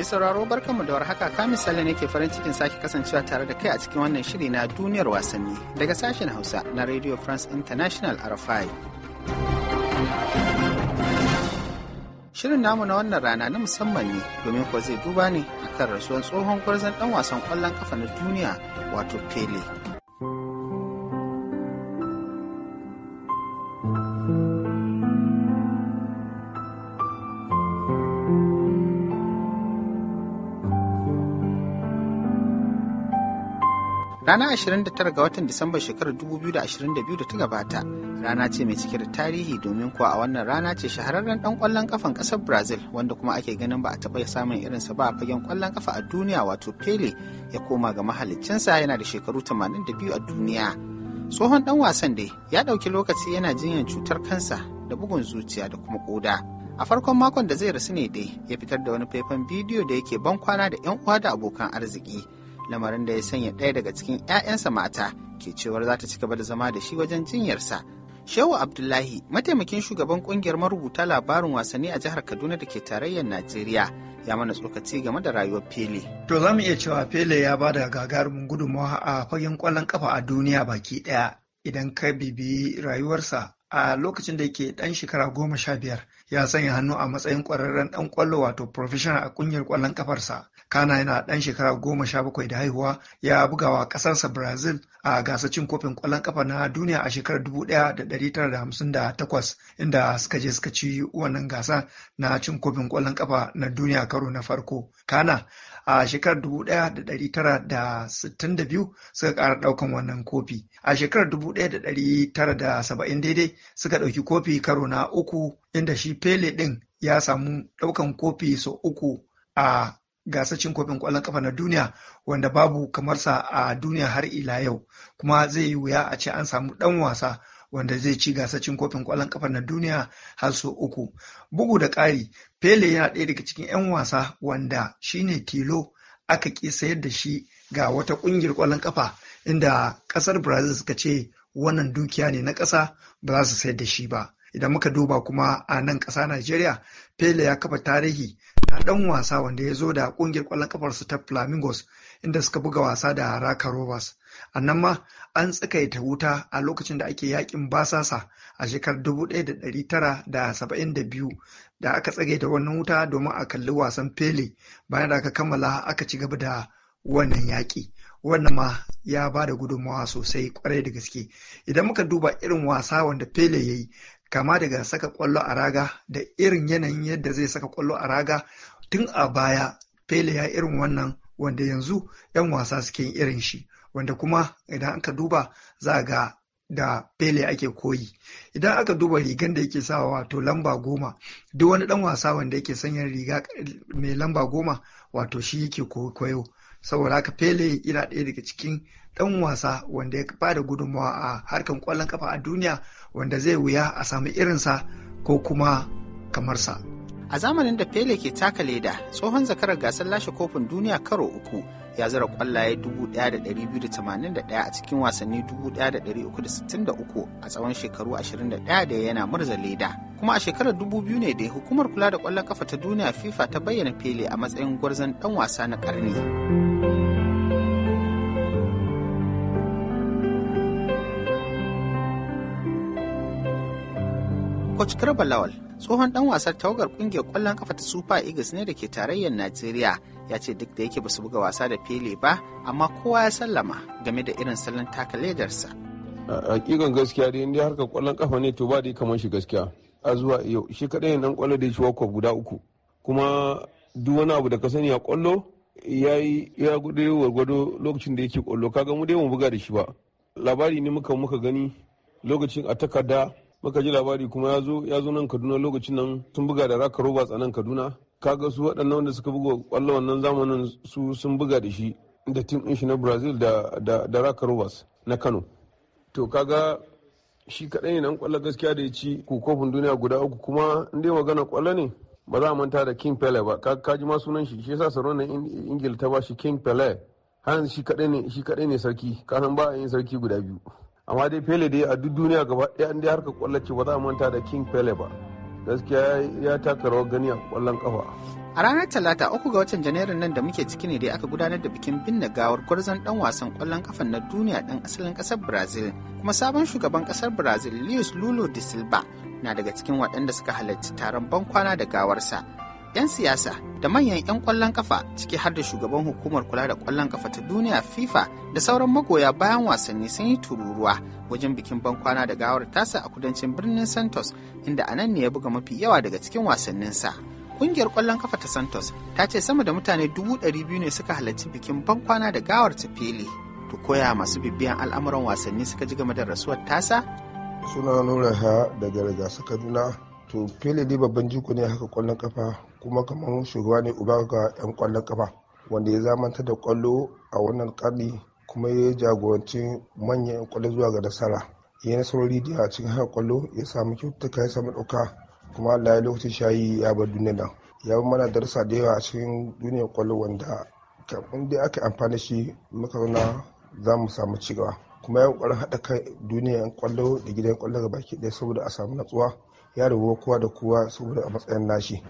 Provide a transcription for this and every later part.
Mai sauraro barkanmu da warhaka ka misali ne ke farin cikin sake kasancewa tare da kai a cikin wannan shiri na duniyar wasanni daga sashen Hausa na Radio France International RFI. Shirin namu na wannan rana na musamman ne domin kuwa zai duba ne akan rasuwar tsohon gwarzon dan wasan kwallon kafa na duniya wato Pele. Rana, 29 ga watan Disamba shekarar 2022 da ta gabata rana ce mai cike da tarihi domin kuwa a wannan rana ce shahararren dan kwallon kafan kasar Brazil wanda kuma ake ganin ba a taɓa samun sa ba a fagen kwallon kafa a duniya wato Pele ya koma ga mahalicinsa yana da shekaru 82 a duniya. Tsohon dan wasan dai ya ɗauki lokaci yana jinyar cutar kansa da bugun zuciya da kuma koda. A farkon makon da zai rasu ne dai ya fitar da wani faifan bidiyo da yake ban kwana da 'yan uwa da abokan arziki. lamarin da ya sanya ɗaya daga cikin 'ya'yansa mata ke cewar za ta ci gaba da zama da shi wajen jinyarsa. Shehu Abdullahi, mataimakin shugaban ƙungiyar marubuta labarin wasanni a jihar Kaduna da ke tarayyar Najeriya, ya mana tsokaci game da rayuwar Pele. To za mu iya cewa Pele ya ba da gagarumin gudunmawa a fagen kwallon ƙafa a duniya baki ɗaya idan ka bibi rayuwarsa a lokacin da ke ɗan shekara goma sha biyar ya sanya hannu a matsayin ƙwararren ɗan ƙwallo wato professional a ƙungiyar ƙwallon kafarsa kana yana ɗan shekara goma sha bakwai da haihuwa ya bugawa ƙasarsa brazil a gasar cin kofin ƙwallon ƙafa na duniya a shekarar 1958 inda suka je suka ci wannan gasa na cin kofin ƙwallon ƙafa na duniya karo na farko kana a shekarar 1962 suka ƙara ɗaukan wannan kofi a shekarar 1970 daidai suka ɗauki kofi karo na uku inda shi pele ɗin ya samu ɗaukan kofi sau uku a gasar cin kofin kwallon kafa na duniya wanda babu kamar sa a duniya har ila yau kuma zai yi wuya a ce an samu dan wasa wanda zai ci gasar cin kofin kwallon kafa na duniya har sau uku bugu da ƙari pele yana ɗaya daga cikin 'yan wasa wanda shine tilo aka ƙi sayar da shi ga wata ƙungiyar kwallon kafa inda ƙasar brazil suka ce wannan dukiya ne na ƙasa ba za su sayar da shi ba idan muka duba kuma a nan ƙasa Najeriya Pele ya kafa tarihi dan wasa wanda ya zo da kungiyar kwallon su ta Flamingos inda suka buga wasa da Haraka Rovers. A ma an tsakaita wuta a lokacin da ake yakin basasa a shekarar 1972 da da aka tsage da wannan wuta domin a kalli wasan Pele bayan da aka kammala aka ci gaba da wannan yaki. Wannan ma ya ba da gudunmawa sosai kwarai da gaske. Idan muka duba irin wasa wanda Pele ya yi kama daga saka kwallo a raga da irin yanayin yadda zai saka kwallo a raga tun a baya Pele ya irin wannan wanda yanzu 'yan wasa suke irin shi wanda kuma idan aka duba za ga da Pele ake koyi idan aka duba rigan da yake sawa wato lamba goma duk wani dan wasa wanda yake sanya riga mai lamba goma wato shi yake koyo saboda haka Pele yana ɗaya daga cikin ɗan wasa wanda ya ba da gudunmawa a harkan ƙwallon kafa a duniya wanda zai wuya a sami irinsa ko kuma kamar sa. A zamanin da Pele ke taka leda, tsohon zakarar gasar lashe kofin duniya karo uku ya zara kwallaye 1,281 a cikin wasanni 1,363 a tsawon shekaru 21 da yana murza leda. Kuma a shekarar 2000 ne da hukumar kula da kwallon kafa ta duniya FIFA ta bayyana Pele a matsayin gwarzon dan wasa na karni. Coach Garba Lawal, tsohon dan wasar tawagar kungiyar kwallon kafa ta Super Eagles ne da ke tarayyar Najeriya, ya ce duk da yake basu buga wasa da fili ba, amma kowa ya sallama game da irin salon taka ledarsa. Hakikan gaskiya dai inda harkar kwallon kafa ne to ba dai kamar shi gaskiya. A zuwa yau shi kadai nan kwallo da shi wakwa guda uku. Kuma duk wani abu da ka sani a kwallo ya yi ya gudu gwargwado lokacin da yake kwallo kaga mu dai mu buga da shi ba. Labari ne muka muka gani lokacin a takarda baka ji labari kuma ya zo nan kaduna lokacin nan sun buga da raka roba a nan kaduna kaga su waɗannan wanda suka buga kwallo wannan zamanin su sun buga da shi da tim ɗin shi na brazil da raka robas na kano to kaga shi kaɗan ne nan ƙwallo gaskiya da ya ci kofin duniya guda uku kuma in dai magana ƙwallo ne ba za a manta da king pele ba ka ji ma sunan shi shi yasa saron nan ingila ta ba shi king pele har shi kaɗai ne sarki kasan ba a yin sarki guda biyu amma dai pele dai a duk duniya gaba ɗaya an dai harka kwallo ba za a manta da king pele ba gaskiya ya taka rawar gani a kwallon kafa a ranar talata uku ga watan janairun nan da muke ciki ne dai aka gudanar da bikin binne gawar gwarzon dan wasan kwallon kafa na duniya dan asalin kasar brazil kuma sabon shugaban kasar brazil luis lulo de silva na daga cikin waɗanda suka halarci taron ban kwana da gawarsa 'yan siyasa da manyan 'yan kwallon kafa ciki har da shugaban hukumar kula da kwallon kafa ta duniya fifa da sauran magoya bayan wasanni sun yi tururuwa wajen bikin bankwana da gawar tasa a kudancin birnin santos inda a nan ne ya buga mafi yawa daga cikin wasanninsa ƙungiyar kwallon kafa ta santos ta ce sama da mutane dubu ɗari biyu ne suka halarci bikin bankwana da gawar ta fili to koya masu bibiyan al'amuran wasanni suka ji game da rasuwar tasa suna da daga su kaduna to fili babban jiko ne haka kwallon kafa kuma kamar shugaba ne uba ga yan kwallon kafa wanda ya zamanta da kwallo a wannan karni kuma ya jagoranci manyan yan kwallo zuwa ga nasara ya nasarori da a cikin haka kwallo ya samu kyautuka ya samu ɗauka kuma allah ya lokacin shayi ya bar duniya nan ya mana darasa da yawa a cikin duniyar kwallo wanda kafin dai aka amfani shi muka zauna za mu samu cigaba kuma ya kokarin haɗa kai duniyar kwallo da gidan kwallo ga baki ɗaya saboda a samu natsuwa ya rabuwa kowa da kowa saboda a matsayin nashi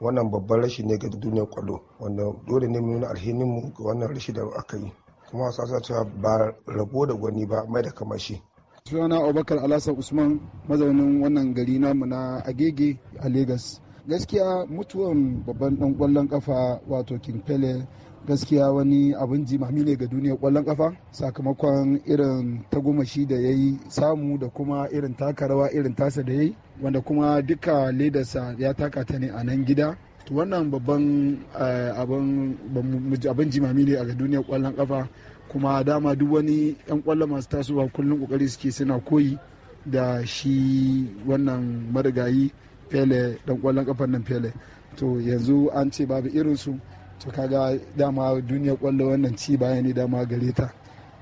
wannan babban rashi ne ga duniyar kwallo wanda dole ne mu nuna alhininmu ga wannan rashi da aka yi kuma wasu asa cewa ba rabo da gwani ba mai da kamar shi sunana abubakar alasa usman mazaunin wannan gari namu na agege a lagos gaskiya mutuwan babban dan kwallon kafa wato king pele gaskiya wani abin jimami ne ga duniyar kwallon kafa sakamakon irin tagomashi da ya yi samu da kuma irin taka irin tasa da ya yi wanda kuma duka ledarsa ya taka ta ne a nan gida wannan babban eh, abin jimami ne a duniyar kwallon kafa kuma dama duk wani 'yan kwallon masu tasowa kullum kokari suke suna koyi da shi wannan marigayi fele dan kwallon kafan nan fele to yanzu an ce babu irinsu to kaga dama duniyar kwallo wannan ci baya ne dama gare ta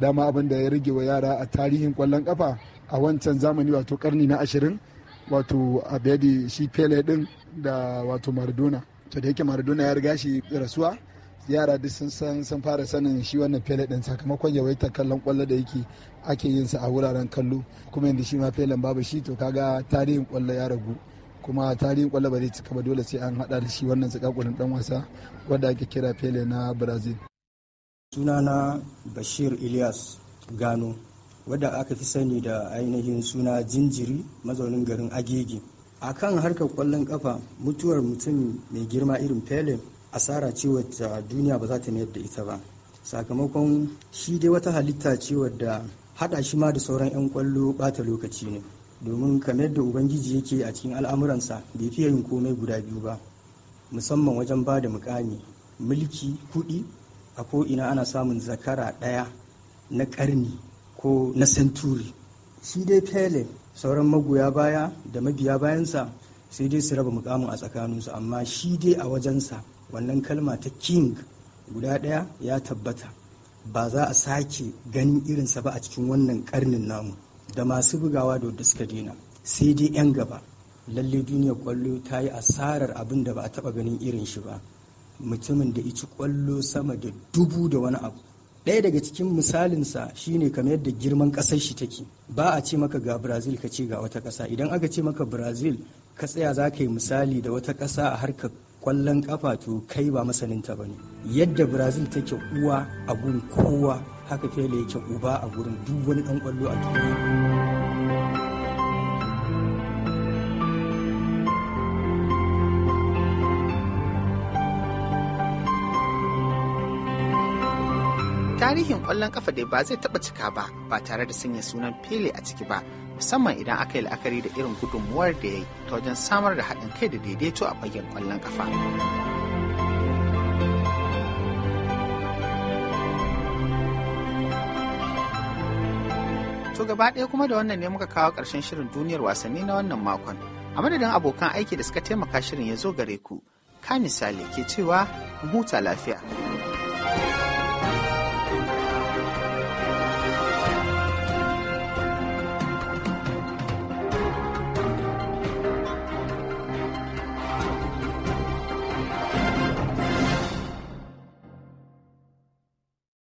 dama abin da ya rage wa yara a tarihin kwallon kafa a wancan zamani wato karni na ashirin wato abedi shi pele din da wato maradona to da yake maradona ya riga shi rasuwa yara duk sun san sun fara sanin shi wannan fele din sakamakon yawaita kallon kwallo da yake ake yin sa a wuraren kallo kuma yanda shi ma fele babu shi to kaga tarihin kwallo ya ragu kuma tarihin kwallo ba zai cika ba dole sai an hada da shi wannan zakakurin dan wasa wanda ake kira fele na brazil sunana bashir ilyas gano wadda aka fi sani da ainihin suna jinjiri mazaunin garin agege a kan harkar kwallon kafa mutuwar mutum mai girma irin pele asara ce wacce duniya ba za ta mayar da ita ba sakamakon shi dai wata halitta ce wadda hada shi ma da sauran 'yan kwallo bata lokaci ne domin kamar da ubangiji yake a cikin al'amuransa bai fiye yin komai guda biyu ba musamman wajen ba da mukami mulki kuɗi a ko ina ana samun zakara ɗaya na karni ko na senturi shi dai fele sauran magoya baya da mabiya bayansa sai dai su raba mukamin a tsakaninsu amma shi dai a wajensa wannan kalma ta king guda daya ya tabbata ba za a sake ganin irinsa ba a cikin wannan karnin namu da masu bugawa da wadda suka dina sai dai 'yan gaba lalle duniyar kwallo ta yi asarar abin da ba a taba ganin irin shi ba mutumin da ici kwallo sama da dubu da wani abu ɗaya daga cikin misalinsa shine kamar yadda girman ƙasar shi take ba a ce maka ga brazil ka ce ga wata ƙasa idan aka ce maka brazil ka tsaya za ka yi misali da wata ƙasa a harkar kwallon kafa to kai ba masaninta ba ne yadda brazil take uwa a gun kowa haka fele yake uba a gurin duk wani ɗan kwallo a duniya tarihin kwallon kafa dai ba zai taɓa cika ba ba tare da sanya sunan pele a ciki ba musamman idan aka yi la'akari da irin gudunmuwar da ya yi ta wajen samar da haɗin kai da daidaito a fagen kwallon kafa. To gaba ɗaya kuma da wannan ne muka kawo ƙarshen shirin duniyar wasanni na wannan makon. A madadin abokan aiki da suka taimaka shirin ya zo gare ku, ka misali ke cewa huta lafiya.